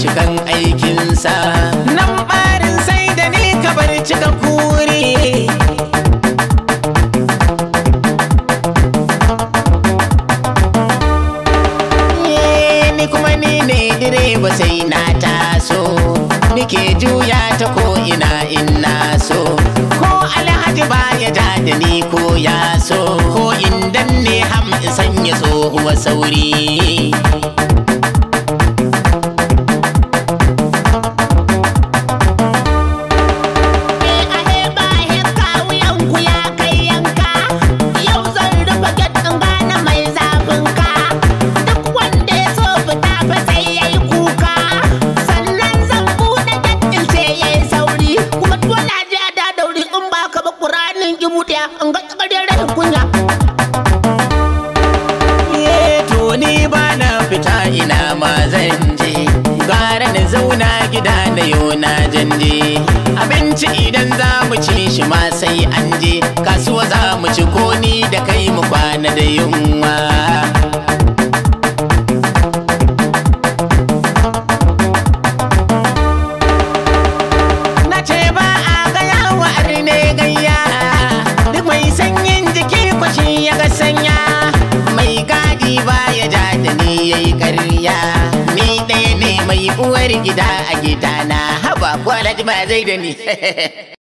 shi aikin aikinsa nan barin sai da ni ka bar cika kuri ni kuma ni ne direba sai na taso nike juya ta ko ina in so ko alhaji baya ja da ni ko ya so ko in danne ham in sanya tsohuwa sauri tutiya in ga kunya to ni ba na fita ina ma zan je gara na zauna gida na yau na janje abinci idan za mu ci shi ma sai an je kasuwa za mu ci ko ni da kai mu kwana da yunwa bar gida a gidana haba kwaraj ma zai da ni